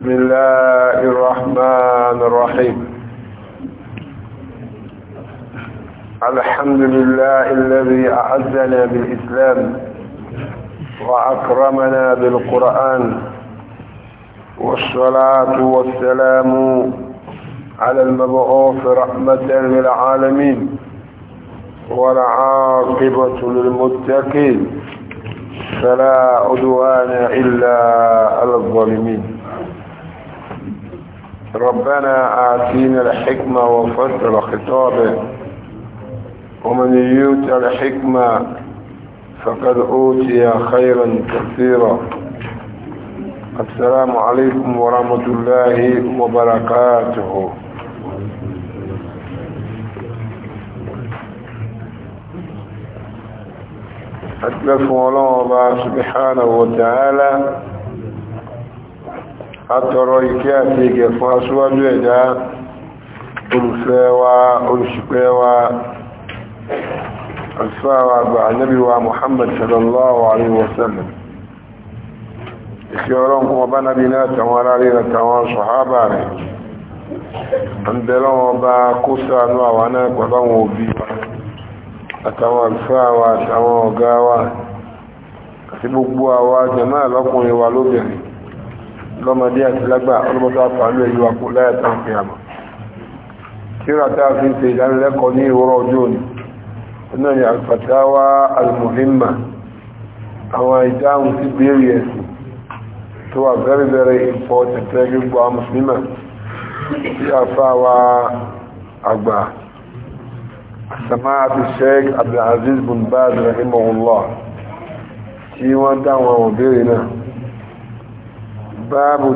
بسم الله الرحمن الرحيم الحمد لله الذي أعزنا بالإسلام وأكرمنا بالقرآن والصلاة والسلام على المبعوث رحمة للعالمين والعاقبة للمتقين فلا عدوان إلا على الظالمين ربنا اعطينا الحكمة وفصل خطابه ومن يؤت الحكمة فقد أوتي خيرا كثيرا السلام عليكم ورحمة الله وبركاته أتلف الله سبحانه وتعالى atọrọ ike àti ìgẹ̀ fún aṣíwájú ẹ̀dá olùfẹ́ wa olùṣìpẹ̀ wa alfáwa àgbà ànábì wa muhammad sallallahu alaihi wasallam ìfẹ́ ọlọ́run kún ọba nábi náà tàwọn ará rí na tàwọn sọ̀hábà rẹ̀ ń bẹ̀rẹ̀ wọn kó sáànú àwọn náà pẹ̀lú àwọn òbí wa àtàwọn alfáwa lọ́mọdé àti lágbà ọlọ́mọdé àfààní ẹ̀yọ́ àpò láyàtàn fi àmà kíra táà fi ń ṣe ìdánilẹ́kọ̀ọ́ ní ìwọ́rọ̀ ọjọ́ òní náà ni alfatawa almuhimma àwọn ìdáhùn sí béèrè ẹ̀sìn tó wà very very important lẹ́gbẹ̀ẹ́ الشيخ عبد العزيز بن باز رحمه الله شيوان دعوة وبينا báàbù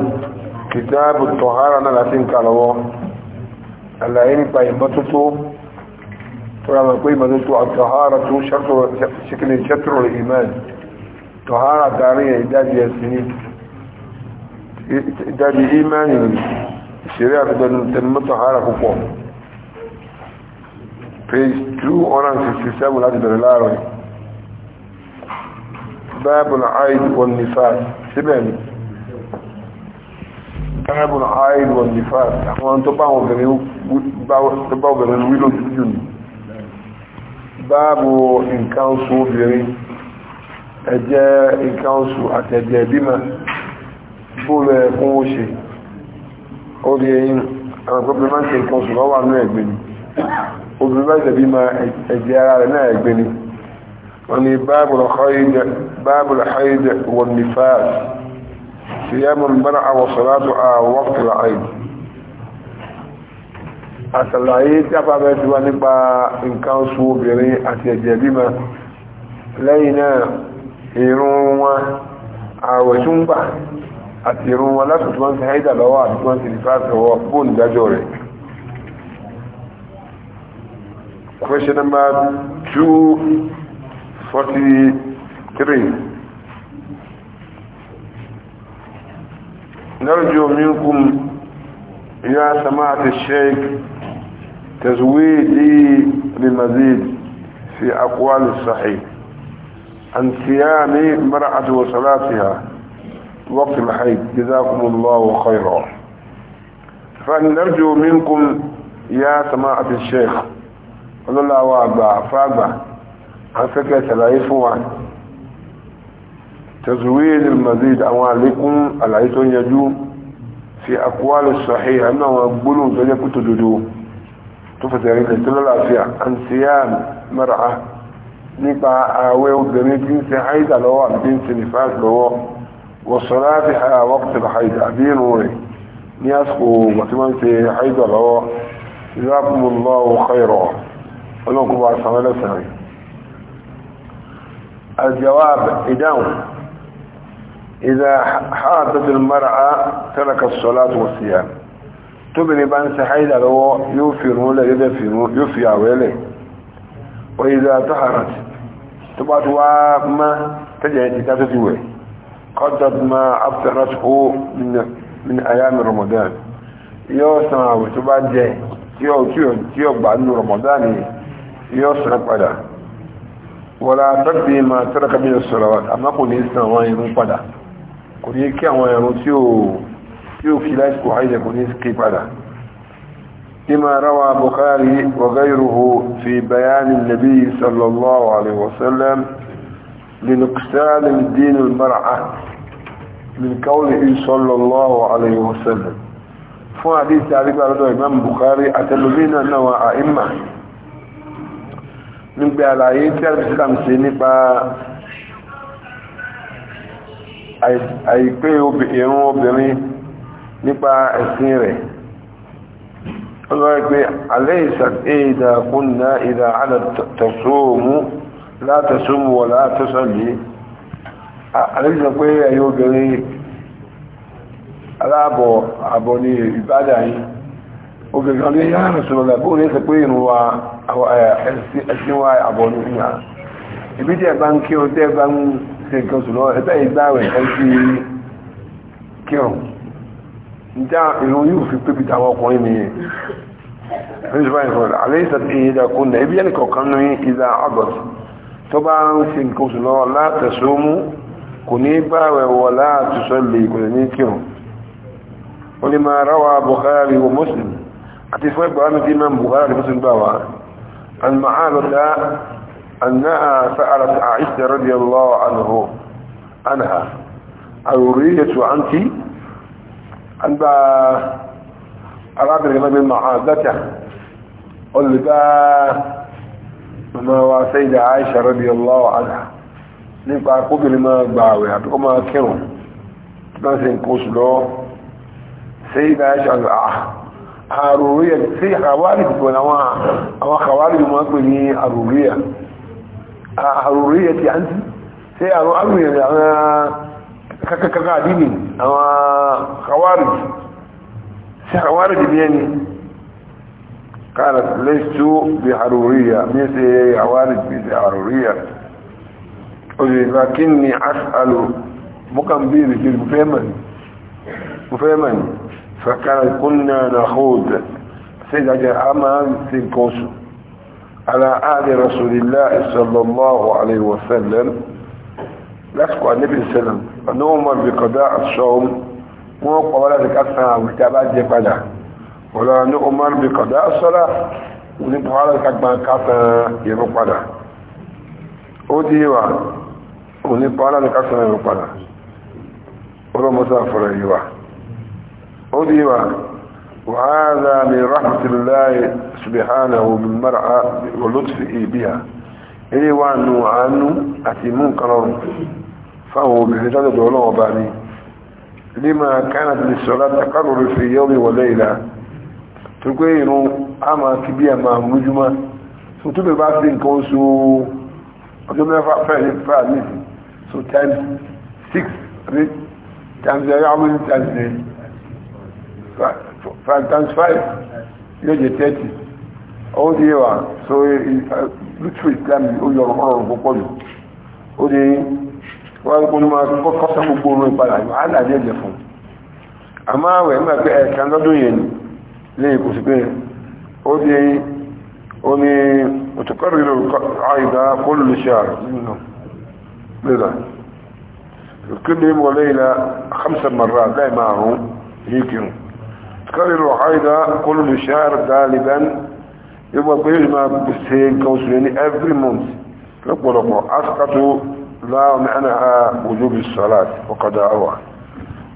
kìtàbù tọ̀hárà náà láti ń kà lọ́wọ́ àlàyé nípa ìmọ́tótó tó rà mọ̀ pé ìmọ́tótó àtọ̀hárà tó ṣẹ́kìlì ṣẹ́tùrù ìmán tọ̀hárà darí ìdájí ẹ̀sìn ní ìdájí ìmán ìṣẹ̀rí àtọ̀dọ̀nù tẹ̀mọ́ tọ̀hárà púpọ̀ page 267 láti bẹ̀rẹ̀ láàárọ̀ báàbù àìd káàbùn àìd wọn ní fà àwọn tó bá obìnrin wílò jújù ní báàbù nǹkan oṣù obìnrin ẹ̀jẹ̀ nǹkan oṣù àtẹ̀jẹ̀ ìbímọ bóòlù ẹ̀kún ó ṣe orí ẹ̀yìn àwọn pẹ́pẹ́ máa ń ṣe nǹkan obìnrin bá ìṣẹ̀bí صيام منع وصلاة وقت العيد àtàlàyé tí a bá bẹ́ẹ̀ tí wá nípa nǹkan oṣù obìnrin àti ẹ̀jẹ̀ bímọ lẹ́yìn náà ìrun wọn ààwẹ̀ tún gbà àti ìrun wọn láti tí wọ́n ti haida lọ́wọ́ àti tí ti rìfà tọwọ́ bóòlù dájọ́ rẹ̀ question number 243 نرجو منكم يا سماعة الشيخ تزويدي بمزيد في أقوال الصحيح عن صيام مرأة وصلاتها وقت الحيض جزاكم الله خيرا فنرجو منكم يا سماعة الشيخ قال الله وعبا فعبا عن فكرة العيف وعنه تزويد المزيد أو عليكم العيسون يجو في أقوال الصحيح أنه أقبلون فليكن تدودو تفترين تلو العافية عن صيام مرأة نبع آوي وبني جنس حيد لو جنس نفاس لو وصلاتها وقت الحيد أبين وري نياسكو وتمان في حيد لو جزاكم الله خيرا ولكم بعد سنة الجواب إداوم إذا حاضت المرأة ترك الصلاة والصيام تبني بان سحيد لو يوفرون ليدفنون يوفيا ويلي وإذا طهرت تبعت وما تجعي تكاتتوه قدت ما أفطرته من, من أيام رمضان يوسنا وتبعت تيو تيو تيو بعد رمضان يوسنا بألا ولا تقضي ما ترك من الصلوات أما قل إسنا وين قدر kò ní kí àwọn ẹ̀rùn tí ó tí ó kí láìsíkò àìjẹ̀ kò ní kí padà lima rawa bukhari wa ghayruhu fi bayanin nabi sallallahu alaihi wasallam لنقصان دين المرأة من قوله صلى الله عليه وسلم fún àdíṣẹ́ àrígbà lọ́dọ̀ Imam Bukhari àtẹlùmínà náà àìmà nígbẹ̀ àlàyé tí àìpé irun obìnrin nípa ẹ̀sìn rẹ̀ ọlọ́rẹ́ pé aléìsàn èdè kúnnà ìdà alàtàṣóòmù látàṣóòmù wà látàṣọ́lé aléìsàn pé ẹ̀yẹ obìnrin aláàbọ̀ àbọ̀ ní ìbádà yìí obìnrin ọdún yára rẹ̀sùlọ́lá bóò ní ẹ̀sẹ̀ pé ìrùn wa ẹ̀sìn wa àbọ̀ ṣe nǹkan oṣù lọ́wọ́ ẹ̀tẹ́ ìgbàwẹ̀ ẹ̀sì kírùn níta ìrún yóò fi pépì táwọn ọkùnrin mi yẹn tó bá ń ṣe nǹkan oṣù lọ́wọ́ látẹ̀sọ́mú kò ní gbàwẹ̀ wọ látẹ̀sọ́ lè kò ní kírùn ó ní máa ráwà Bukhari wa Muslim àti fún ẹgbàá أنها سألت عائشة رضي الله عنه عنها أريدة عنك أن أراد الإمام المعادة قل با ما هو سيدة عائشة رضي الله عنها nípa kóbìnrin máa gba àwẹ̀ àtúkọ́ máa kírùn tí wọ́n sì ń kó sùn lọ sí ìdáyàṣà àrùríyà sí àwárí gbogbo àwọn àwárí máa pè ní àrùríyà àrùrí ẹ̀tì àǹtí ṣe àwọn arìnrìn àwọn kakakaka àdínì àwọn kawárìjì ṣe kawárìjì ní ẹni kára lẹ́ṣtó bí àrùríyà ní ṣe kawárìjì bí ṣe àrùríyà òṣèlú kí ni asàlù mọ́kàn bí ìrìṣẹ́ mufẹ́mẹ̀ni fẹ́kàrà kúnnà na على آل رسول الله صلى الله عليه وسلم لسكوا النبي صلى الله عليه وسلم نوما بقضاء الصوم موقع ولا تكسنا وكتابات يبدا ولا نوما بقضاء الصلاة ونبقى على كما كسنا يبقى وديوا ونبقى على كسنا يبقى ولو مسافر يوا وديوا وهذا من رحمة الله سبحانه من مرعى ولطفه بها إلي وأنه عنه أتمون قرار فهو بحجاج دولة وباني لما كانت للصلاة تقرر في يوم وليلة تقول أما كبير مع مجمع فتوبة بعد ذلك وسو أجمع فعل فعل سو تايم 6 تايم زي عمل تايم 8 five times five yóò jẹ thirty ó di wa so eh, eh, lùtù islam ó yọ ọ̀rọ̀ púpọ̀ jù ó di wọ́n kún ní máa kọ́ kọ́sà gbogbo orun ìpadà yóò á dàbí ẹ̀jẹ̀ fún un àmọ́ àwẹ̀ nígbà pé ẹ̀ka lọ́dún yẹn lẹ́yìn kò sí pé ó di ó ní òtùkọ́rù ìlú àìdá kó lù ṣe àrùn nínú lẹ́dà كل يوم وليلة خمسة مرات لا معهم هيك يوم تكرر الحيضة كل شهر غالبا يبقى بيجمع بالسين كوسلين every month يقول لكم أسقط لا معنى وجوب الصلاة وقضاءها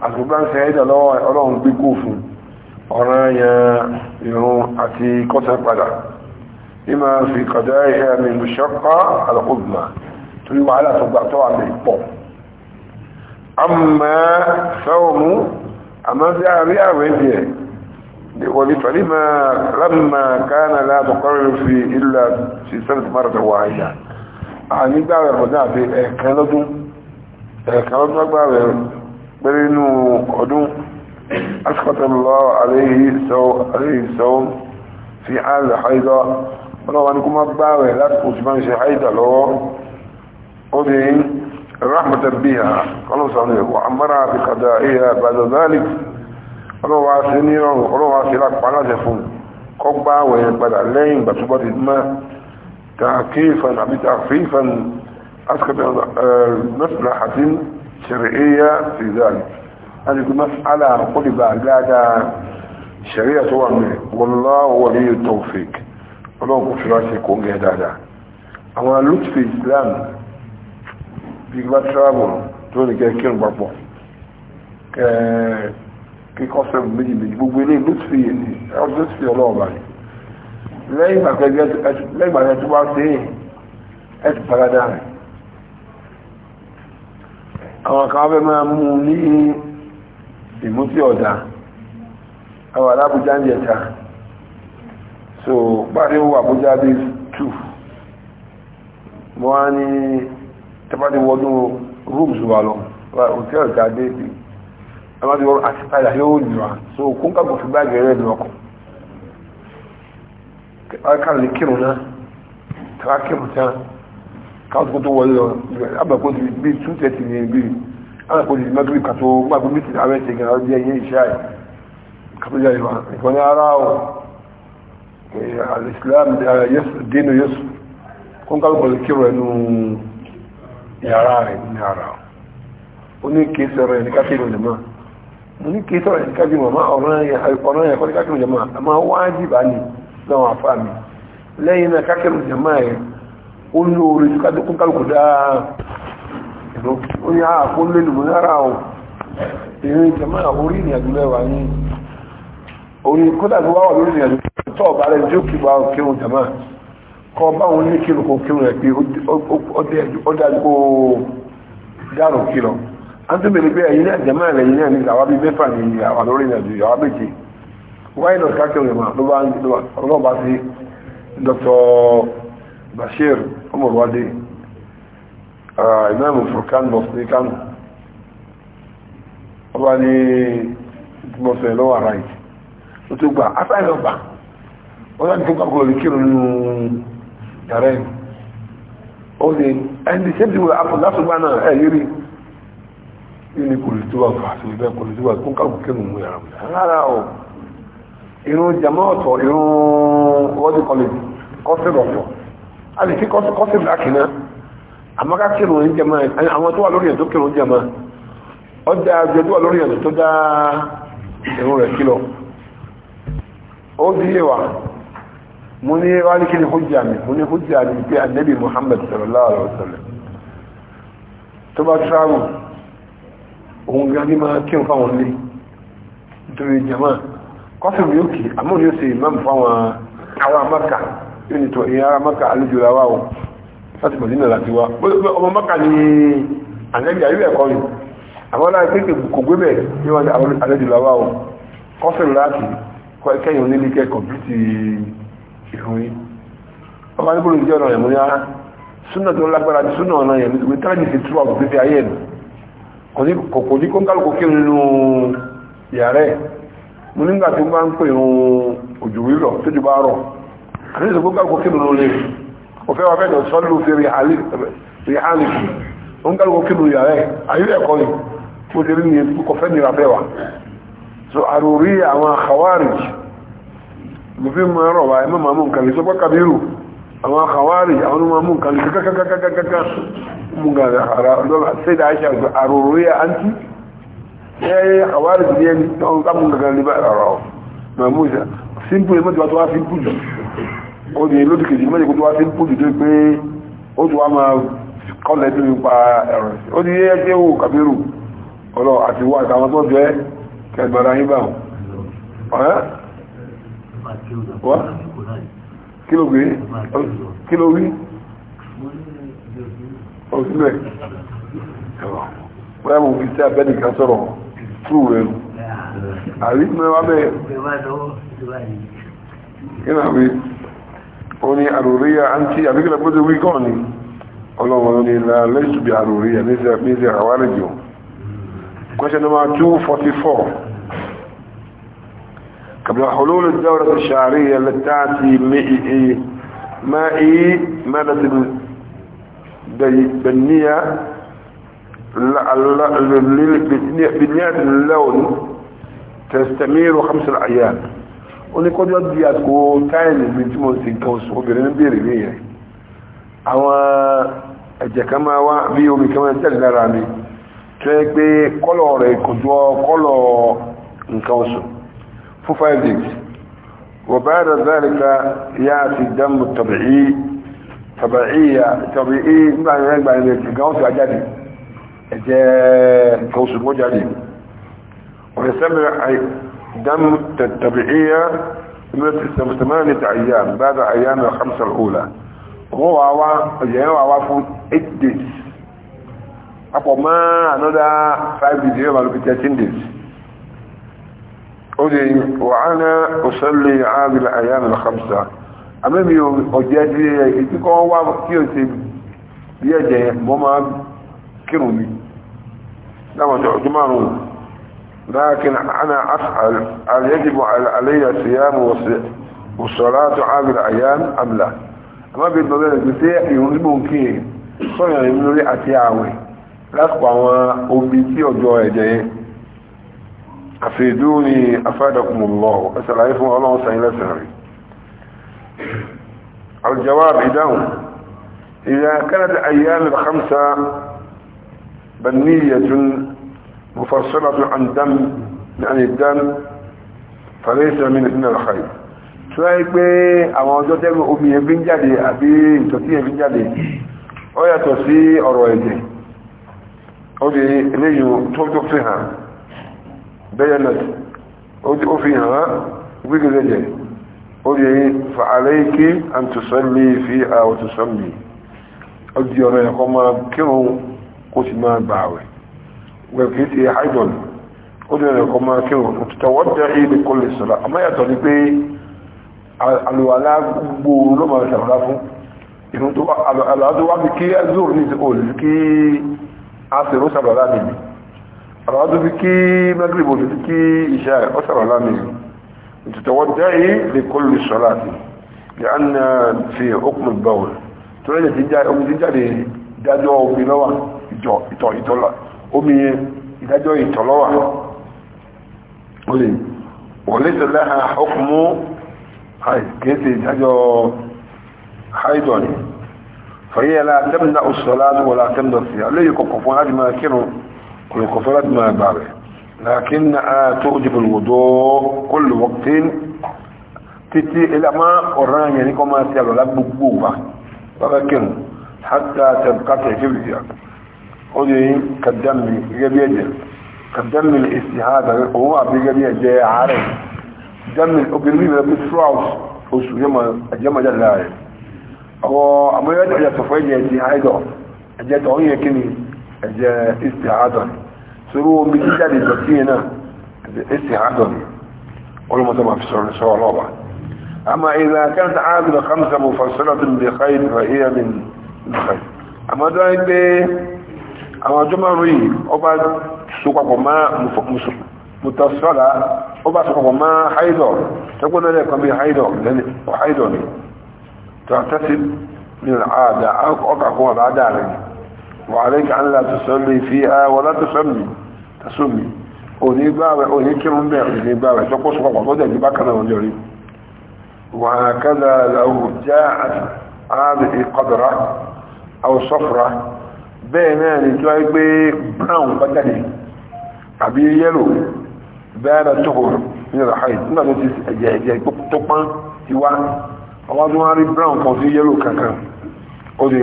أسقطان سعيدة لو أولهم بكوف أرايا يرون أتي كتر بدا إما في قضائها من مشقة على قدمة تريد على تبعتها عن البوم أما صوم أما زعبي أبنتي فلما لما كان لا تقرر في إلا في سنة مرة واحدة عن دعوة الرجاء في إحكالته إحكالته أكبر برينو قدوم أسقط الله عليه سو عليه السوم في حال الحيضة ولو أنكم أكبر لا تقول شي حيضة لو قدين رحمة بها قالوا صلى وعمرها بقضائها بعد ذلك ọlọ́wà sí ní ọrùn ọlọ́wà sí lápá láti fún kọgbà wẹ̀yẹn padà lẹ́yìn ìgbà túbọ̀ ti mọ́ tàkífàn àbí tàfífàn askàtàn mẹ́sìlá àti ṣẹ̀rẹ̀ẹ́yà ìzáàlì láti fi mẹ́sàlá kólìbà gáàdá ṣẹ̀rẹ̀yà tó wà mẹ́ wallahu waliyyu tawfiq ọlọ́wà kò fìlà ṣe kò ń travel tó ní kẹ́ kírun papọ̀ kẹ́ẹ̀ kíkọ́ sẹ́gun méjì méjì gbogbo ilé lùtùfì èdè lùtùfì ọlọ́ọ̀bà yìí lẹ́yìn ìgbàgbẹ́ tó bá ṣe é ẹ̀tù parada rẹ̀ àwọn kan fẹ́ máa mú ní ìmúsí ọ̀dà àwọn alábùjá ń jẹta so pàdé wọ àbújá bí 2 wọ́n á ní tẹ́bàdé wọ́dún rooms wà lọ hòtẹ́ẹ̀lì tàbí àwọn ìwọ̀n àti padà yóò nìra so kún kàgbò fi bá gẹ̀rẹ́ ìlú ọkọ̀ ká lè kírun náà tàbá kírun tán káàkó tó wọlé lọ abàkó ti bí tún tẹ̀tì ní ibi abàkó ti mẹ́gbẹ̀rẹ̀ kàtó gbàgbé mítì àwẹ́ ti gẹ̀rẹ́ ọdí ẹyẹ iṣẹ́ àì kàtó jà ìwà ìfọ́n ní ara ọ̀ alìsílámù dínú yẹsù kún kàgbò lè kírun ẹnu yàrá rẹ̀ ní ara ó ní kí sẹ́rẹ̀ ní kákìrì ọ̀dẹ̀mọ́ mo ní kìí sọ̀rọ̀ ìkájú màmá ọ̀ràn yẹn kọ́ ní kákìrù jàmá àmá wájú bá ní lọ́wọ́ àfá mi lẹ́yìn náà kákìrù jàmá yẹn ó lóore tó kájú kálukú dáa ó ní àkó ah, lẹ́nu mọ́ lára o ìrìn jàmá orí ìrìnàjò mẹ́wàá ní orí kódà tó wáwà lórí ìrìnàjò tó ọ̀bá rẹ̀ jó kí bá kírun jàmá kọ bá wọn ní kírun kó kírun rẹ̀ pé an tún bèèrè pé ẹ̀yìn náà jẹ́mọ́ ẹ̀lẹ̀ yìí náà ní àwọn bíi mẹ́fà ní àwọn lórí ìrìnàjò ìyàwó méje wáyé lọ káàkiri rẹ̀ máa ló bá ń lọ ọlọ́run bá sí Dr. Bashir ọmọlúwadé ìmáàmù Furkan mọ̀sí kánù ọba ní mọ̀sẹ̀ lọ́wọ́ ara yìí ó tó gbà afẹ́ lọ́gbà wọ́n láti fún kakọ̀ lè kírun nínú yàrá ẹ̀ ó ní ẹni tí ṣé ti wọ àpò látùgbà náà ẹ̀ yìí rí ní kòlùtúwà fàfin ìbẹ́ kòlùtúwà kún kàkùn kí mú yàrá mú rárá o irun jama ọ̀tọ̀ irun wọ́dí kọlùtù kọ́sìn ọ̀tọ̀ a lè fi kọ́sìn lákìná àmọ́ká kírun ní jama àwọn tó wà lórí ẹ̀tọ́ kírun jama ọjà àjọ tó wà lórí ẹ̀tọ́ tó dá irun rẹ̀ kílọ ó di yé wa mo ní wá ní kí ni hujja mi mo ní hujja mi pé anabi Muhammad sallallahu alaihi wa sallam tó bá travel òun gan ní máa kí n fáwọn lé nítorí jama kọ́sùn yóò kì ni ó sì máa ń fáwọn ará maka yóò ìyá ará maka o láti mọ̀dínà láti wá ọmọ maka ní àlejò ayé ẹ̀kọ́ ni àwọn ará pé kò gbé bẹ̀ ní wọn àlejò ra wá o kọ́sùn láti kẹ́yìn onílé kẹ́ kọ̀mpútì ìròyìn ọba níbo ló ń jẹ́ ọ̀nà ẹ̀mú yá súnà tó kò ní kó ń kálukú kí nínú yàrá ẹ̀ mo nígbà tí ó bá ń pè ohun òjò rírọ̀ tó jù bá rọ̀ àdíṣẹ́ kó ń kálukú kí nínú lè ọ̀fẹ́ wa fẹ́jọ sọ́lú fi rí hálìkù ni mo ti rí ní kò wa so àròrí àwọn àwárìjì mo fi máa kabiru أما خوارج أو ما ممكن ممكن هذا السيدة عائشة أرورية أنت إيه خوارج دي يعني تقول كم ممكن اللي بقى أراه ما موسى simple ما تبغى تواصل simple ó di lódì kejì mẹ́jọ kó tواصل simple tó pé ó tó wá máa kọ́lẹ̀ tó nípa ẹ̀rọ ó di yẹ́ jẹ́ wò kàbírù ọlọ́ àti wà àtàwọn tó jẹ́ kẹgbẹ̀rẹ̀ yín báwọn kí ló gbé kí ló rí òsìlẹ̀ bóyá mo fi sí abẹ́nìkan sọ̀rọ̀ fún rẹ̀ àrí mẹ́wàá bẹ́ẹ̀ kí náà rí ó ní àròríyà àǹtí àbíkẹ́lẹ̀ pé ó ti wí kàn ní ọlọ́run ló ní ilá lẹ́sùbí àròríyà ní ìsẹ̀ àwárẹ̀jọ question number 244 قبل حلول الدورة الشعرية التي مائي مائي مادة بنية بنية اللون تستمر خمس أيام oníkọ́jú ọdí àtò táìlì bí tí mo sì kan oṣù obìnrin ní bèèrè ní ẹ̀ àwọn ẹ̀jẹ̀ kan máa wá bí omi kan máa tẹ̀lé lára mi tó yẹ pé kọ́lọ̀ rẹ̀ kò jọ kọ́lọ̀ nǹkan oṣù fún five days وبعد ذلك يأتي الدم الطبيعي طبيعي، طبيعي ما يعني يبقى الجوز عجلي جوز المجعلي ويستمر دم الطبيعية من ثمانية أيام بعد أيام الخمسة الأولى هو هو هو هو فوت 8 days أبو ما أنا ده 5 days 13 days أدي وأنا أصلي هذه الأيام الخمسة أمامي أجدي إتكون وكيوتي بيجي مما كرمي لما تجمعون لكن أنا أسأل هل يجب علي الصيام والصلاة هذه الأيام أم لا أما بالنظر الجسيء ينزمون كيه صنع من لي أتياوي لأسقوا أمي كي أجوه جيه أفيدوني أفادكم الله أسأل عيفهم الله سهل سهري الجواب إذاهم إذا كانت أيام الخمسة بنية مفصلة عن دم عن الدم فليس من من الخير سواء بي أما وجدت أمي بن جدي أبي تطيع بن جدي أو يتوسي أو روايدي أو دي إليه توجد فيها بينت وفي هنا ويقول لجي قولي فعليك أن تصلي فيها وتصلي أجي رأيكم كم قسم بعوي وكيتي حيضا قولي رأيكم كم وتتودعي بكل الصلاة أما يطلي بي الولاء بولو ما تعرفوا ìrùn tó wà bí kí ẹzùr ní ti olùkí a sì rú sàbàlá nìyí àwọn tó fi kí magrib òtútù kí ìṣà ọ̀sàrọ̀ lámì ìtùtọ̀wọ́ dáì lè kó lè sọ láti lè á na fi okùn báwò tó lẹ́yìn tí omi ti jáde ìdájọ́ omi lọ́wà ìtọ̀ ìtọ́lá omi ìdájọ́ ìtọ̀lọ́wà olè wọlé tẹ̀lé ha okùn kéèsè ìdájọ́ haidọ̀ni fàyẹ́ la tẹ́mìnà والكفرات ما بعده لكنها توجب الوضوء كل وقت تتي الى ما قران يعني كما سيالو لا بغبوبا ولكن حتى تنقطع جلدها ودي كالدم يجي كالدم الاستهادة هو بيجي جاي عارف دم الابرمي بيتفرعوا وشو جما جما جلاله هو اما يدعي تفاجئ دي هاي ده اجت هي كني ẹ̀jẹ̀ ìsì àádọ́ni sórí omi jíjáde ìdọ̀tí yẹn náà ẹ̀jẹ̀ ìsì àádọ́ni olùmọ̀tò máa fi sọ̀rọ̀ sọ ọlọ́ọ̀bà àmà ìlà kẹta àádọ́ni kàmsà mọ̀ fàṣọlá tó ń bẹ̀ káyé nípa ìyá mi nìkan àmọ́dọ́ ń gbé àwọn ọjọ́ márùn yìí ọba sopapọ̀ má mùtàṣọ́lá ọba sopapọ̀ má haidọ̀ tẹ́gbọ́n náà lẹ́ẹ̀kan bí haidọ̀ ni tàtàsí ní àádà ọkà kún àbádà rẹ̀ وعليك أن لا تصلي فيها ولا تصلي تصلي òní gbáwẹ̀ òní kírun bẹ̀ òní gbáwẹ̀ tọ́pọ̀ sọpọ̀ tó dẹ̀jú bá kanáà ọjọ́ rí wà kádà láwù já ààrẹ ìkọdọ̀rá àwọsọ́fura bẹ́ẹ̀ náà ni tó wáyé pé brown bá jáde àbí yẹ́lò bẹ́ẹ̀rẹ̀ tókò ní ọ̀rọ̀ haid nígbà tó ti ẹ̀jẹ̀ ẹ̀jẹ̀ tó pán ti wá ọwọ́ tó wá rí brown kan sí yẹ́lò kankan قولي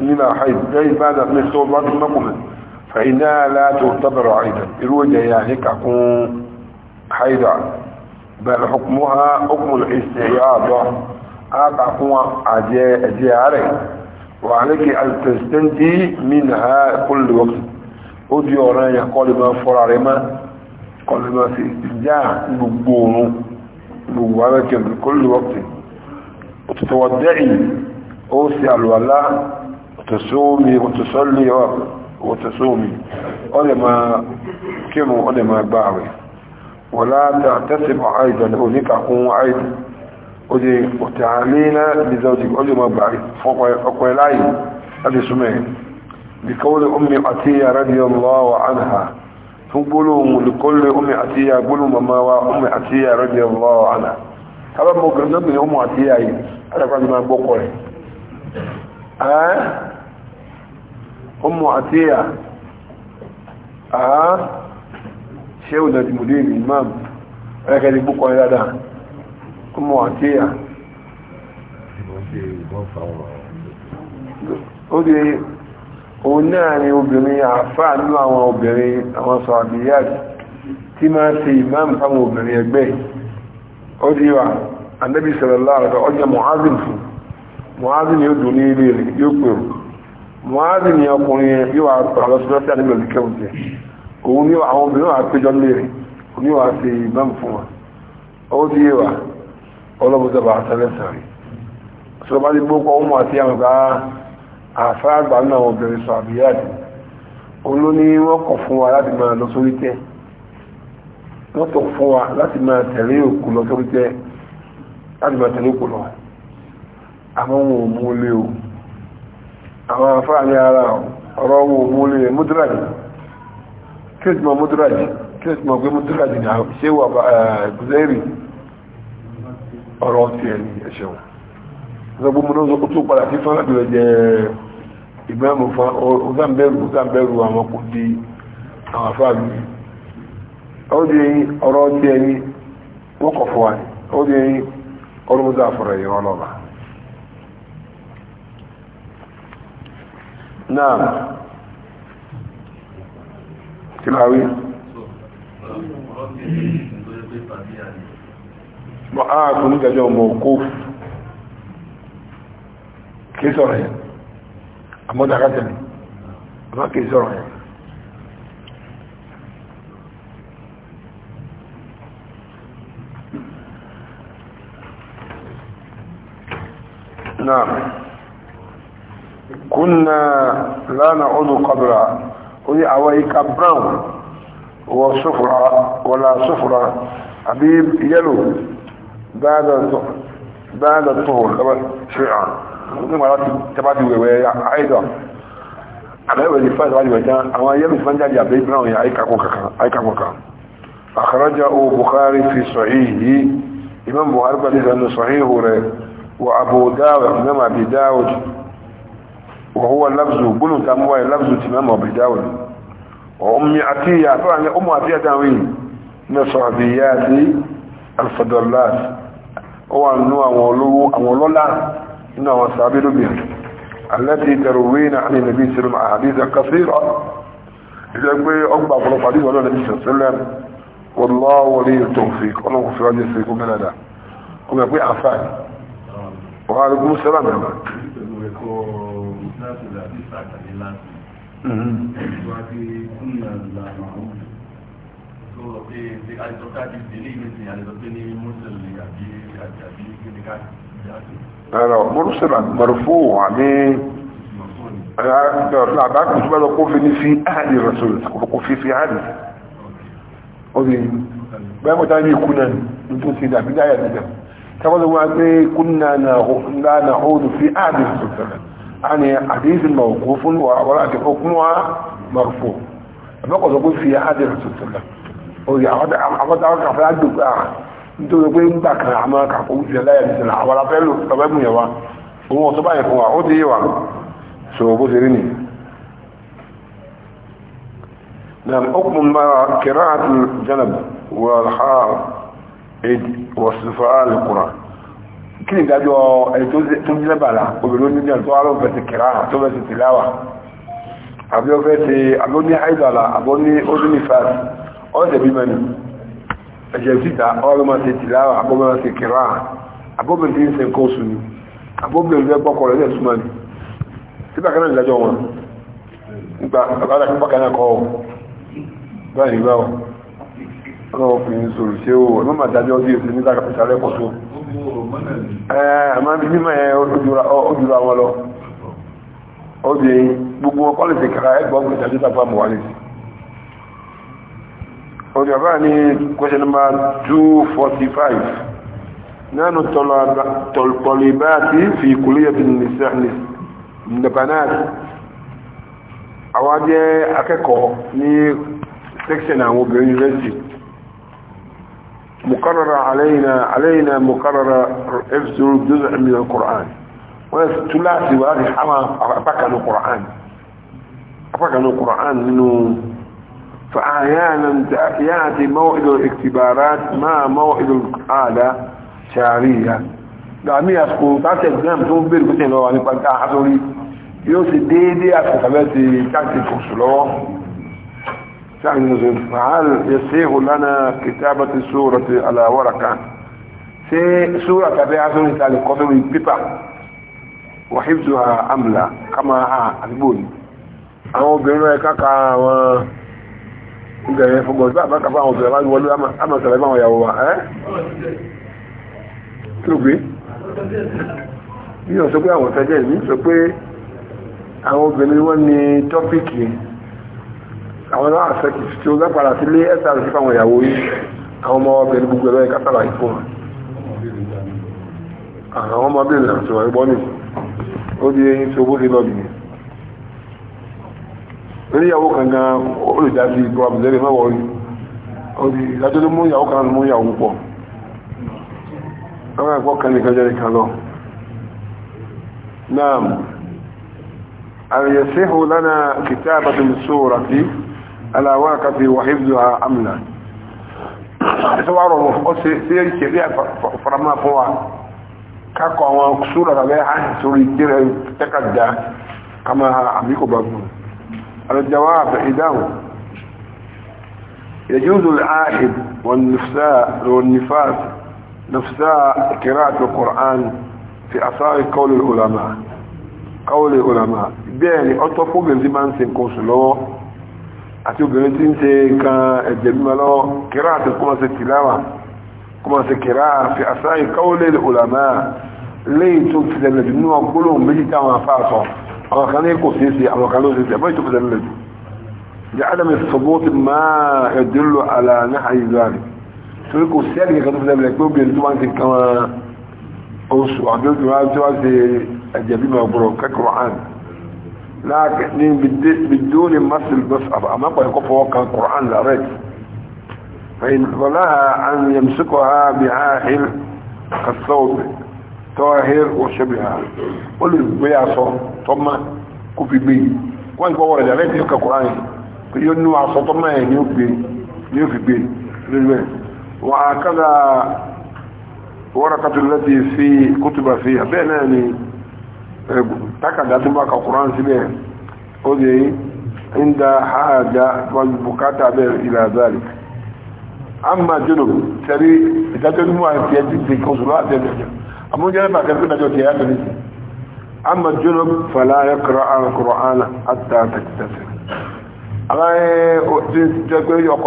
لما حيث جاي بعد من الصوت بعد المقومة فإنها لا تعتبر عيدا الوجه يعني كأكون حيدا بل حكمها حكم الاستعياضة آه، أجي عليك وعليك أن تستنتي منها كل وقت أديونا يقول ما فرارما قال ما في استنجاع نبونه نبونه كل وقت وتتودعي ó sì àlùwàlá òtòsómi òtòsọ́lé òtòsómi ó lè máa kímù ó lè máa gbá rẹ̀ wọ́lá tẹ́sìmọ̀ àìdàn oníkàkún àìdàn ó lè òtàlélá nìzọ́jì ó lè máa bàrí بقول أم عطية رضي الله عنها فقولوا لكل أم عطية قولوا مما وأم عطية رضي الله عنها هذا مقرنب لأم عطية هذا كان ما بقوله ọmọ àtíyà àá ṣéwù dàjìmòdé imam ẹ̀kẹ́lẹ̀ púpọ̀ ìdádá ọmọ àtíyà ó di òun náà ni obìnrin àfáà nínú àwọn obìnrin àwọn sọ̀rọ̀bìyàjì tí máa ṣe imam fáwọn obìnrin ẹgbẹ́ ó di wà annabi sallallahu alaihi wa sallam fún mọ́ázì ni ó dùn ní ilé yóò pèrò ni ọkùnrin yẹn yóò àlọ́sílọ́sí àníbẹ̀ olùkẹ́ òjẹ́ òun ní àwọn obìnrin wà péjọ lé rẹ̀ ní sí ìbẹ́m fún wa ó dí ẹwà ọlọ́bùsọ̀bà àtẹ́lẹ́sàrí ṣọba ní gbókọ̀ ọmọ àti àmàgbà àfáàgbà náà sọ wọ́n kọ̀ fún wa láti máa lọ sórí tẹ́ wọ́n tọ̀ fún wa láti máa tẹ̀lé òkú lọ sórí tẹ́ láti máa tẹ̀lé òkú lọ àwọn ohun òmúlé o àwọn àfáàní ara ọ̀rọ̀ ohun òmúlé múdúràjì kíẹ̀tìmọ̀ múdúràjì kíẹ̀tìmọ̀ pé múdúràjì ní àṣẹwà gùzẹ́rì ọ̀rọ̀ ti ẹni ẹ̀ṣẹ̀wọ̀n gbogbo mú lọ́sọ tó padà sí fún láti lọ́jẹ́ náà tí máa wí mọ̀ áàkù nígbàjọ́ ọmọ òkú kìí sọ̀rọ̀ ẹ̀ àmọ́dàkátẹ̀lẹ̀ àmọ́ kìí sọ̀rọ̀ ẹ̀ náà كنا لا نعود قبرها ودي أويك براون وصفرة ولا صفرة حبيب يلو بعد بعد الطهور شيئا ثم تبعتي ويا أيضا على أول الفاز على وجهان أما يمس من جاء حبيب براون يا أيك أكوكا أيك أكوكا أخرجه بخاري في صحيحه إمام بخاري قال إذا أنه صحيح وأبو داود إمام أبي داود وهو لفظ بلون تموي لفظ تمام وبداول وأمي عتية طبعا أم عتية داوي من الصحبيات الفضلات هو النوع مولو أمولولا إنه وصابر بها التي تروين عن النبي صلى الله عليه وسلم أحاديث كثيرة إذا قلت أكبر فلو حديث ولا النبي صلى الله عليه وسلم والله ولي التوفيق ولو في رجل سيكون من هذا كما يقول عفان وعليكم السلام يا kula fi sàkàlẹ̀ láti ìwádìí kúnnà ìlànà àwọn tó rọ̀ pé ṣe àìsọ́ká ti délé ìgbésìn àìsọ́ pé ní mùsùlùmí àbí àti àbí kíníkà jáde. ẹ̀rọ mùsùlùmí mọ̀rùfù àbí ẹ̀rọ àbá kò tó bá lọ kó fi ní fi áàdì rasul kò fi fi áàdì obi bẹ́ẹ̀ mọ̀ta ní ikú náà nítorí ti dàbí dáyà nígbà tábọ́lọ́wọ́ pé kúnnà náà náà ó fi áàdì rasul عن حديث موقوف وعبارات حكمها مرفوع فقط يقول في أحد رسول الله àwọn àwọn kàfẹ́ àgbègbè àà nítorí pé ń gbà kan àmọ́ kàkó jẹ láyé ìṣẹ̀lẹ̀ àwọn afẹ́ lò tọ́gbẹ́ mú yẹ wa òun ọ̀tọ́ wa ti so ni na ma kí ni ìdájọ́ ẹni tó ń lẹ́bàlá obìnrin oníjẹ́ tó wá lọ́wọ́ fẹ́sẹ̀ kìrá tó fẹ́sẹ̀ tìláwà àbí ó fẹ́sẹ̀ àbóní àìdàlà àbóní onífàs ọ́sẹ̀ bí mẹ́nu ẹ̀jẹ̀ síta ọlọ́mọ̀sẹ̀ tìláwà àbómọ̀sẹ̀ o àbóbìnrin tí ń ṣe nǹkan oṣù ni àbóbìnrin fẹ́ gbọ́kọ̀ rẹ̀ lẹ́sùn mọ́ni síbà kan náà ìdájọ́ wọn nígbà bàbá ọkùnrin sọ̀rọ̀ ṣe ó ọ̀nà máa dájọ́ bí èsì ní dákàtà lẹ́kọ̀ọ́ tó ẹ̀ẹ̀mọ́ bí mímọ̀ ẹ̀ ojúra wọn lọ obi gbogbo wọn kọ́lẹ̀ tẹ̀kàrà ẹgbọ́n gbé ìdájọ́ tàbí àmọ́ wálé sí ojú àbá ní question number 245 nánú tọ̀lọ̀pọ̀lì bá ti fi kùlíyà ti nìbànáàtì àwọn jẹ́ akẹ́kọ̀ọ́ ní section àwọn obìnrin university مقررة علينا علينا مقررة حفظ جزء من القرآن وثلاثي وهذه حما أبكى القرآن أبكى القرآن منه فأحيانا يأتي موعد الاكتبارات ما موعد القادة شهرية دعمي أسكو تأتي أجنام تقوم بيركتين لو أني قلت أحضري يوسي ديدي أسكو تباتي تأتي فرسلوه هل يصيغ لنا كتابة السورة على ورقة سي سورة تبعها سورة القدم البيبا وحفظها أم لا كما أقول àwọn obìnrin náà káka àwọn ìgbẹ̀rẹ̀ fọgbọ̀n tí àbákà fún àwọn obìnrin bá wọlé àmàtàlẹ̀ fún àwọn ìyàwó wa ẹ́ kí ló gbé bí wọ́n sọ pé àwọn tẹ́jẹ̀ ní sọ pé àwọn obìnrin wọ́n ní tọ́pìkì àwọn náà àṣẹ́kì tí ó lápàdà sí lé sr sí fáwọn ìyàwó yìí àwọn ọmọ ọbẹ̀ gbogbo ẹ̀rọ ìkásàlà ìfún àwọn ọmọ ọbẹ̀ ìlànà tó ẹgbọ́n ní ó di eyín tó bó ṣe lọ́bì ní ìyàwó kankan olùdásí ìgbọ́ àbùzẹ́lẹ̀ mẹ́wọ̀ rí ó di ìdájọ́ tó mú ìyàwó على واقفه وحفظها أمنا سوارو سيري شريع فرما فوا كاكو وان كسورة بيها سوري كير تقدى كما عميكو بابون الجواب إداه يجوز العاحد والنفساء والنفاس نفساء قراءة القرآن في أثار قول العلماء قول العلماء بيني أطفو بنزمان سنكوس الله àti obìnrin tí ń ṣe kan ẹ̀jẹ̀ mímọ́ lọ́wọ́ kìrá àti kọ́mọ̀ sí tìláwà kọ́mọ̀ sí kìrá àfi àsáyì káwọ́lẹ̀ olàmá lẹ́yìn tó ti lẹ́lẹ̀ jù nínú ọgbọ́lọ́hùn méjì táwọn afáàsọ àwọn kan ní kò ṣeéṣe àwọn kan ló ṣeéṣe àbọ̀ ìtòkè lẹ́lẹ̀ jù jẹ́ adam ìsọ̀bọ́tì máa ẹ̀dúnlọ sí ẹ̀dì kankan لكن بدون مثل بس أما يقف فوق القرآن لرد فإن ولها أن يمسكها بعاهل كالثوب طاهر وشبهها قل بيا صوم ثم كفي بي وان قوار لرد يبقى القرآن فيقول نوع صوم يوفي يوفي بي وهكذا ورقة التي في كتب فيها بيناني takàdá tó bá ka Kùránì síbẹ̀ ó lè ń da àádá wọn bùkátà bẹ́ẹ̀ ìlà àzáàlì amma jùlọ tẹ́rí ìdájọ́ ní wà tiẹ̀ tí ti kọ́ sùlọ́ àti ẹ̀jẹ̀ àmójẹ́ bá kẹ́kẹ́ ìdájọ́ tiẹ̀ yàtọ̀ nìsí amma jùlọ ò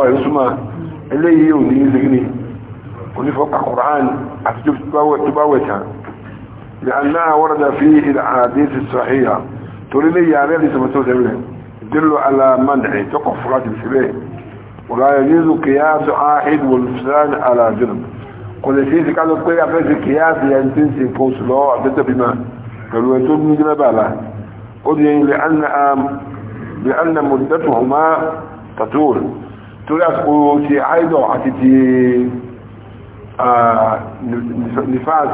ní ìsìnkú ní onífọ́kà Kùránì àti tó bá wẹ̀ tán لأنها ورد فيه الأحاديث الصحيحة تقول لي يا ريت سمعتوا سبيله يدل على منع تقف فقط بسبيله ولا يجوز قياس عاحد والفسان على جنب قل سيس قالوا كل أفاس القياس ينتين فوس له أبدت بما قالوا يتون من جنباله قل لأن لأن مدتهما تطول تقول أسقوا في عيد وعتتي آه نفاس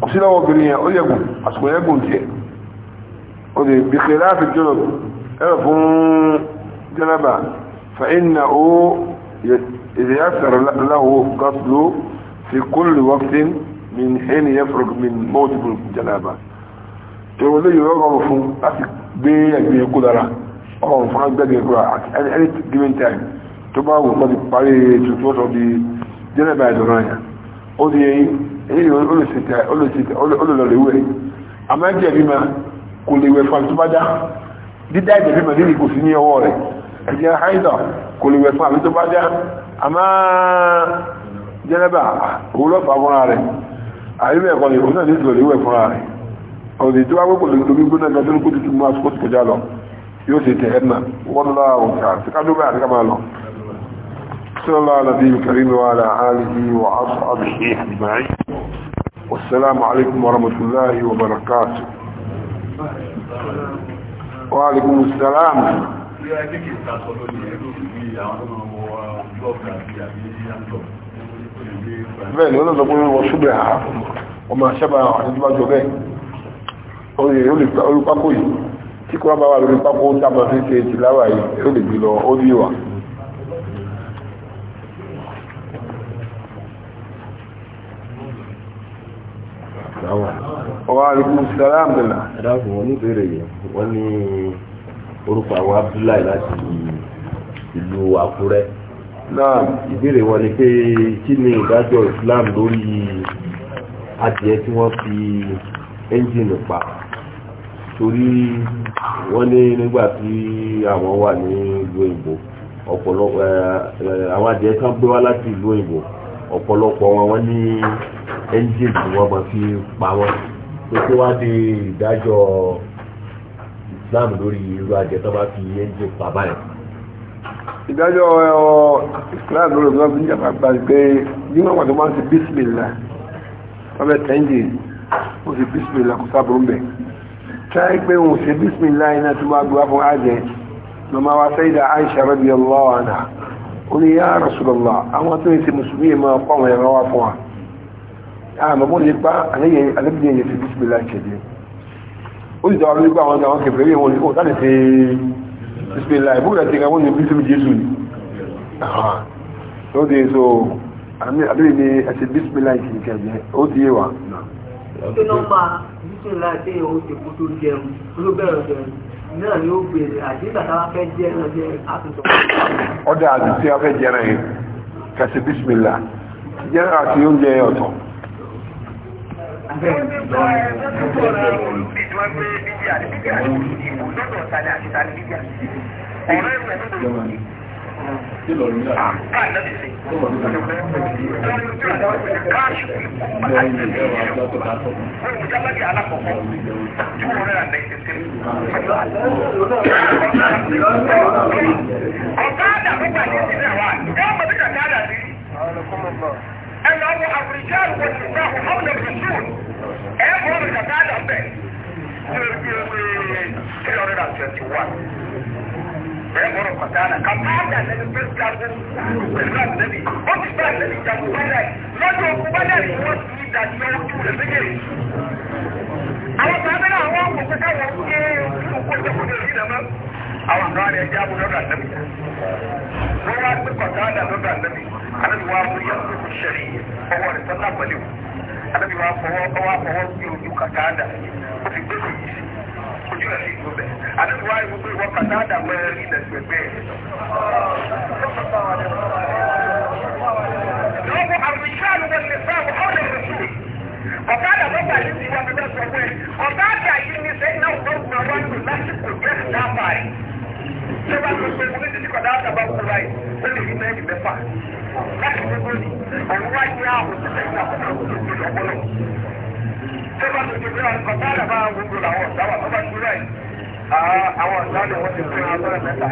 kò sí lọ́wọ́ obìnrin yẹn ó yẹ̀gùn àsìkò yẹ̀gùn tiẹ̀ ó lè bí kẹrẹ láti jọ́nà ẹ̀rọ fún jẹ́nàbà fàínà ó ìdíyà sàrọ̀ láwọ́ gọ́sùlù fi kúlù wọ́kítín min hẹ́ni yẹ́fọ̀rọ̀ min mọ́tìbù jẹ́nàbà tó wọ́n lè yọ̀rọ̀ ọmọ fún láti gbé ẹgbẹ́ kó dára ọmọ fún agbẹ́gbẹ́ kó dára at any given time tó bá wù mọ́ ti parí tuntun ọ̀sọ̀ di jẹ́nàbà ìdọ̀rọ̀ yẹn ó di yẹn èyí olùsìtẹ̀ olùlọ̀lẹ̀wẹ̀ àmọ́ ẹ̀jẹ̀bí ma kò lè wẹ̀ fún àtúbádá dídá ẹ̀jẹ̀bí ma nílì kò sí ní ọwọ́ rẹ̀ ẹ̀jẹ̀ haidọ̀ kò lè wẹ̀ fún àtúbádá àmọ́ jẹ́nẹ́bà òwúlọ́fà fúnra rẹ̀ àyíbẹ̀ ẹ̀kọ́ ni òun náà ní ìlọ̀lẹ̀wẹ̀ fúnra rẹ̀ ọ̀dì tó wá pẹ́ pẹ̀lú omi gbóná gan tó ní kó tuntun máa kó kọjá lọ yóò ṣe tẹ̀ ẹ̀nà wọ́n lọ́wọ́ àwọn ọ̀sán àti kádùbà lọ صلى الله على نبينا الكريم وعلى آله وأصحابه أجمعين والسلام عليكم ورحمة الله وبركاته وعليكم السلام bẹ́ẹ̀ni ó lọ́dọ̀ pé wọ́n ṣúgbẹ̀ àá ọmọ àṣẹ́bà àtijọ́ àjọ bẹ́ẹ̀ oye olùpákó yìí tí kọ́ bá wà lórí pákó dábà sí ṣe ìtìláwà yìí ó lè gbìlọ ó díwà ọwọ́ àríkún sàrán bẹ̀lá ẹ̀dàkùn wọn ní ìbéèrè yẹn wọ́n ní orúkọ àwọn Abdullahi láti ìlú Àkúrẹ́ náà ìbéèrè wọn ni pé kí ni ìdájọ́ Islam lórí adìẹ tí wọ́n fi ẹ́ńjìnì pa torí wọ́n ní nígbà tí àwọn wà ní ìlú òyìnbó ọ̀pọ̀lọpọ̀ àwọn adìẹ kan gbé wá láti ìlú òyìnbó ọ̀pọ̀lọpọ̀ wọn wọ́n ní engine tí wọ́n máa fi pa wọ́n tó tó wá di ìdájọ́ Islam lórí irú àjẹ tó bá fi engine pa báyìí. ìdájọ́ ẹ̀rọ Islam lórí ìgbà bí ìjàmbá gba pé bí wọ́n pàtó máa ń ṣe bísímìlà wọ́n bẹ tẹ́ǹjì wọ́n ṣe bísímìlà kó sábà ń bẹ̀ táyé pé wọ́n ṣe bísímìlà iná tó máa gbọ́ fún àjẹ mama wa sayida Aisha radiyallahu anha ó ní ya Rasulullah àwọn tó ń ṣe mùsùlùmí máa pọ̀ wọn ẹ̀rọ wa fún àmọ́ bó lè pa alẹ́bìnrin yẹn fi bísímìlá ìṣẹ̀lẹ̀ ó sì dáwà lórí pé àwọn àwọn kẹfẹ́ yẹn wọn ò sáàlẹ̀ ṣe bísímìlá ìbúrẹ̀ ti wọn ní bísímì jésù ni ó di so alẹ́bìnrin ni ẹ̀ṣẹ̀ bísímìlá ìṣẹ̀lẹ̀ ó di yé wa. ṣé nọ́mbà bísímìlá ìṣẹ̀lẹ̀ yẹn ó ti kú tó jẹun ló bẹ̀rẹ̀ jẹun náà ni ó gbèrè àdínlá tá a fẹ́ jẹ́ ẹran jẹ́ àtúntò. ọ̀dà àti tí a fẹ́ jẹ́ ẹran yẹn kàṣẹ bísímìlá jẹ́ àti oúnjẹ ọ̀tọ̀. Ọ̀gá àdàbùgbà ní ìsinmi àwọn àti ọmọ bí kàkà àdàbí ẹlọ́rọ̀ àbúrìjáàrù wọn ti gbá ọ̀hún lẹ́gbẹ̀ẹ́sùn ẹ̀kọ́ rẹ̀ kàtà àdàbẹ̀ Ẹgbọ́n kọ̀tàlá, kàmáàdà lẹ́nu pé jagun, ìgbà lẹ́nu, ó ti bá lẹ́nu jagun bẹ́lẹ̀, lọ́dún ogun bẹ́lẹ̀ ni wọ́n ti ní ìdájọ́ ojú rẹ̀ méjèèjì. Àwọn sàbẹ́lẹ̀ àwọn ọmọ pẹ́ káwọn ń gbé òkú ìjọba ní orí ìdàmọ́. Àwọn àgbà rẹ̀ jábọ̀ lọ́dọ̀ àdẹ́bì. Wọ́n wá pé kọ̀tàlá lọ́dọ̀ àdẹ́bì alábi wa mú yà ọdún ṣẹlẹ̀ ọwọ́ rẹ̀ tọ́lá pẹ̀lú alábi wa fọwọ́ ọwọ́ fọwọ́ sí ojú kàtàdà ó fi gbé kò yìí sí ojú ẹ̀ sí ìlú bẹ̀ alábi wa ìwé pé ìwọ kàtàdà mẹ́rin ní ẹgbẹ̀gbẹ̀ lọ́wọ́ àrùnṣáàlù wọn lè fẹ́ àwọn ọ̀rẹ́ rẹ̀ sí ọ̀kadà lọ́gbà yìí ti wá bẹ́ẹ̀ sọ pé ọ̀kadà yìí ní sẹ́yìn náà wọ́n gbà wá lò lásìkò jẹ́ ìdáàbà rẹ̀ ṣé wàá lọ pé mo ní ti kọ̀dá àtàbà kúra yìí ó lè rí mẹ́rin mẹ́fà òun wá yí àwọn òṣìṣẹ́ ìṣàkóso òṣìṣẹ́ ìṣàkóso tó bá tó ti pé ọkọ̀ tá àdàbà gbogbo làwọn ọ̀dà wà tó bá ti rẹ̀ àwọn ọ̀dà ni wọ́n ti pé abẹ́rẹ́ mẹ́ta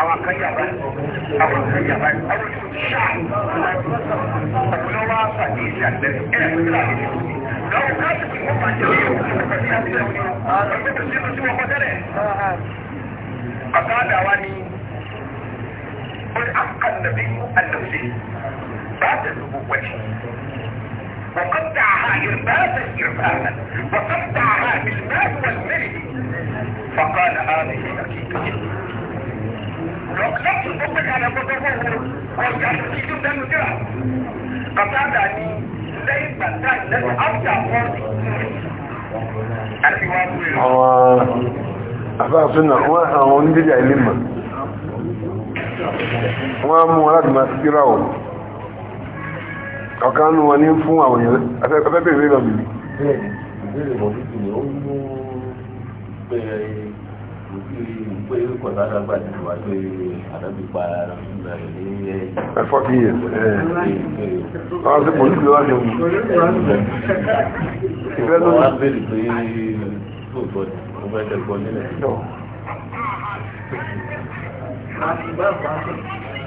àwọn akẹ́yà báyìí àwọn akẹ́yà báyìí àwọn ìṣòṣà ọ̀pọ̀lọ́ wá pàdé ìṣàgbẹ́ ẹ̀ lọ́wọ́ káàkiri wọ́n máa jẹ́ ìyẹ̀wò tí wọ́n pàdé àbílẹ̀ wọn ọ̀pẹ́ tó sínú tí wọ́n kọ́ tẹ́lẹ̀ ọ̀tá àdàwà ni ó ní àkànnàbí àdàwùsẹ̀ بعد النبوة وقطعها إرباسا إرباسا وقطعها بالمال والمال فقال هذه الحقيقة لقلت بطل على وكان أن ندرها قطعني ليس أبدع فاضي ọ̀kan nù wọn ní fún àwọn èèyàn afẹ́fẹ́ bèèrè lọ bìbí. bẹ́ẹ̀ ìbéèrè mọ̀ níbi ni ó mú pé pé kò sára gbàdé ní ẹ̀. ẹ fọ́tí yẹ ẹ ọ sí pòlú ìlú wájú.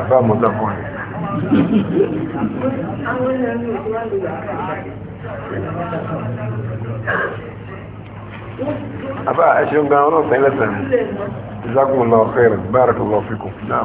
àbá mọ́tà fún ẹ̀. àbá ẹ̀ṣẹ̀ ń gan ọ́nà tẹ́lẹ̀ tẹ́lẹ̀ ìzákùn lọ bára tó lọ fi náà.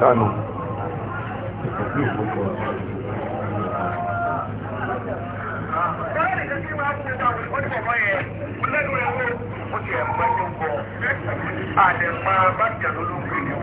Tani. Àdẹ̀mọ́ bá jẹ̀ lólógún ni.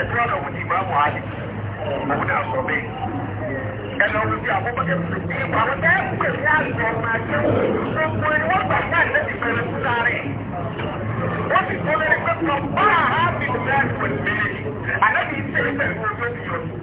ẹ̀tọ́ ọ̀nà òun ìgbà buhari òun náà sọ bẹ́ẹ̀ ẹ̀nà òun ti àkókò ẹ̀fọ́ ìgbà wọn bẹ́ẹ̀ kú kẹ̀kẹ́ àgbọ̀ máa jẹ́ gbogbo ẹni wọ́n gbà fún àìsẹ́ ti bẹ̀rẹ̀ fún láàrin wọ́n ti tó lẹ́ni pé kọ́ bá a há mi lù é bẹ̀rẹ̀ fún ojú ìyọ̀ wọ́n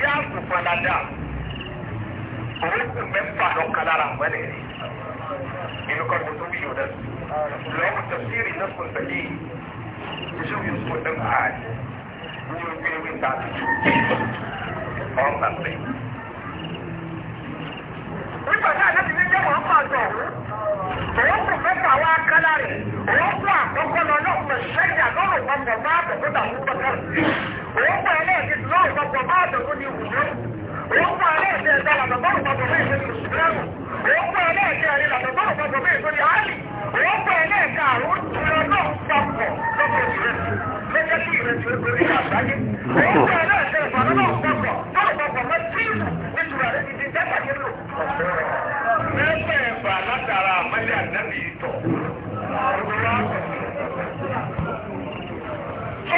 bí àgùnfọn dáadáa òun kù mẹ́fà lọ́kàn lára àwọn ẹ̀rẹ̀ inú kan mo tó bí yóò dẹ́sù lọ́wọ́ tẹ̀síìrì náà kò tẹ̀lé iṣu yóò kó dẹ́m ààrẹ ní o gbé wí ta tuntun ọ̀n nà pé. nígbà náà láti ní jẹ́ wọ́n pàṣẹ òun òun kù mẹ́fà wá kálá rẹ̀ òun kù àkọ́kọ́ lọ ṣẹ́jà lọ́rùn papọ̀ bá àtọ̀kọ́ dàbí pẹ́kẹ́. Òun pa ẹlẹ́ẹ̀kejì lọ́rùn papọ̀ bá àtọ̀kọ́ ni ìwùjọ́. Òun pa ẹlẹ́ẹ̀kẹ́ ẹ̀dá làtọ̀ lọ́rùn papọ̀ bá ìṣẹ́ ni ìṣùgbọ́n. Òun pa ẹlẹ́ẹ̀kẹ́ ẹ̀rí làtọ̀ lọ́rùn papọ̀ bá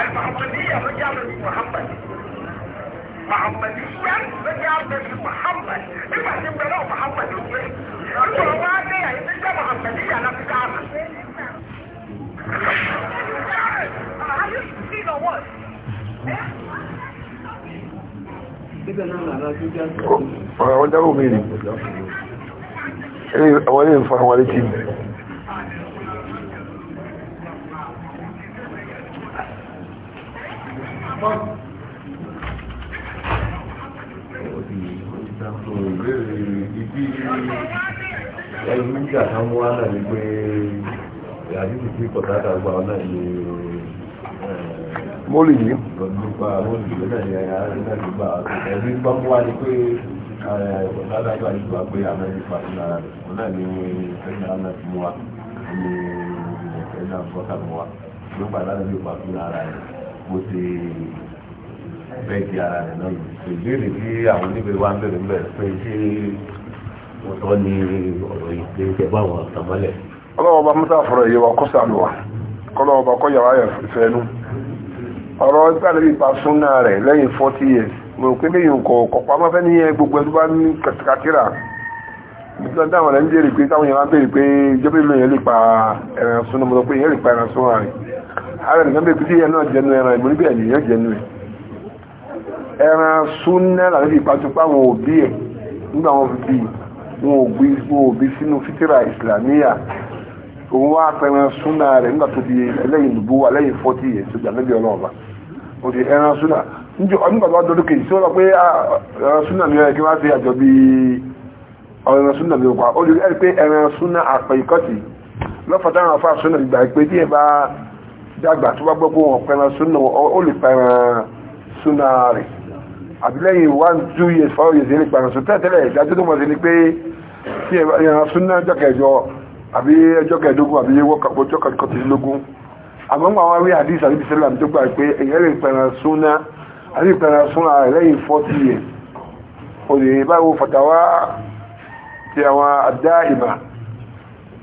المحمدية رجعنا لمحمد محمدية رجعنا لمحمد إما نبقى له محمد وكيف أنتوا هو عادية إذا محمدية أنا في عمل Ọ̀rọ̀ ọjọ́ òmìnirin, ẹ̀yìn àwọn ilé ìfọ̀rọ̀wà létí. Ibi ẹlú méjì àtàwọn wá náà ní pé àdíjì tí kọ̀tàkà gba ọ̀nà ní mọ́lì yìí. Nípa mọ́lì yìí náà ní àárín náà ní gbà ẹ̀rí bá mú wá ní pé kọ̀tàkà gba ìgbà ni. àmọ́ ní pàtàkì ọ̀nà ní ẹ̀rí náà mú wá ní ẹ̀rí náà kọ̀tàkà mú wá. Ló gbà láti ní pàtàkì ara rẹ̀. bó ti fẹ́ ara rẹ̀ náà yìí ìbéèrè tí àwọn oníbèrè wa ń bèrè ń bẹ̀rẹ̀ pé ṣé wọ́n tọ́ ní ọ̀rọ̀ yìí pé kẹ́ bá wọn tàn mọ́lẹ̀. ọlọ́wọ́ bá mọ́tà fọ̀rọ̀ yìí wa kó sàlù wa kọ́lọ́wọ́ bá yàrá fẹ́ nu ọ̀rọ̀ bíi rẹ̀ lẹ́yìn forty years mo rò pé máa fẹ́ ní gbogbo ẹni tó bá ní nígbà táwọn ara nìkan bẹ́ẹ̀ pìtì ẹran jẹnu ẹran ìmúrí bẹ́ẹ̀ nìyẹn jẹnu ẹ̀ ẹran súnná làwọn fi pàtúpá wọn ò bí ẹ̀ nígbà wọn fi bí wọn ò gbé wọn ò bí sínú fítírà ìsìlámíyà òun wá pẹran súnná rẹ̀ nígbà tó di ẹlẹ́yìn ìdúgbò wa lẹ́yìn fọ́tì yẹn tó gbàgbé bí ọlọ́ọ̀ba ó di ẹran súnná nígbà tó wá dọdún kejì tí ó lọ pé ẹran súnná mi kí wọ́n á àjọ bíi ọ̀rọ̀ súnà bí ọkọ̀ olùrí ẹ̀rí ẹran súnà àpẹ̀yìkọ́tì lọ́fàtàrà fà súnà ìgbà ìpé tí bá dàgbà tó bá gbọ́gbọ́ wọn pẹran súnà ó lè pẹran súnà rẹ̀ àbílẹ́yìn one two years four years lè pẹran súnà tẹ́lẹ̀ ìdájọ́ tó mọ̀ sí ni pé tí ẹran súnà ọjọ́ kẹjọ àbí ọjọ́ kẹẹ̀dógún àbí ọjọ́ kẹtìlélógún àmọ́ àwọn arí àdìs àbí sẹ́lám tó gbà pé èyàn lè pẹran súnà àbí pẹran súnà rẹ̀ lẹ́yìn forty years òdè báwo fàtàwá ti àwọn àdá ìmọ̀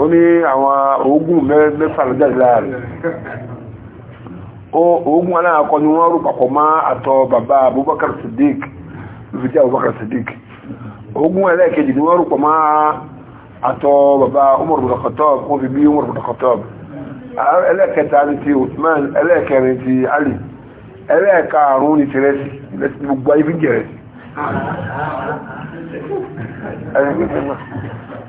ó ní àwọn oògùn mẹ́fà ló jáde rẹ̀ oògùn aláàkọ́ ni wọ́n rò papọ̀ mọ́ bàbá Abubakar Siddiq lùfìdí Abubakar Siddiq oògùn ẹlẹ́ẹ̀kejì ni wọ́n rò papọ̀ mọ́ bàbá Umar bin wọ́n fi bí Umar bin Khattab ni ti Uthman ẹlẹ́ẹ̀kẹrin ti Ali ẹlẹ́ẹ̀karùn ni tẹ̀rẹ́sì gbogbo ayé fi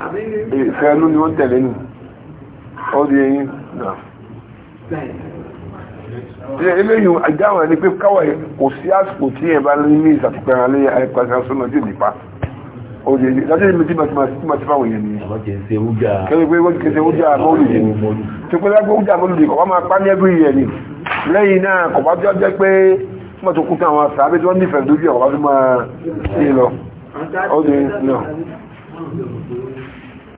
ìfẹ́ ẹnu ni ó tẹ̀lé nù ó di eyín náà eléyìí àjáwọn ẹni pé káwọ̀ kò sí àsìkò tí ẹ bá ní ìsàtìpẹ̀rẹ̀ alẹ́ àìpàṣẹ sọ́nà tí ò nípa oye lájẹ́ ìmú tí ma ti fáwọn èèyàn ni kẹ́lẹ̀ pé wọ́n kẹsẹ̀ ó jà mọ́lùdì ni tí pé lágbé ó jà mọ́lùdì kọ̀wá máa pa ní ẹgbẹ́ ìyẹ̀ ni lẹ́yìn náà kọ̀wá tó jẹ́ pé wọ́n tó kúta àwọn àṣà àbẹ́tí wọ́n nífẹ̀ẹ́ lójú ọ̀wá tó máa ṣe lọ ọdún náà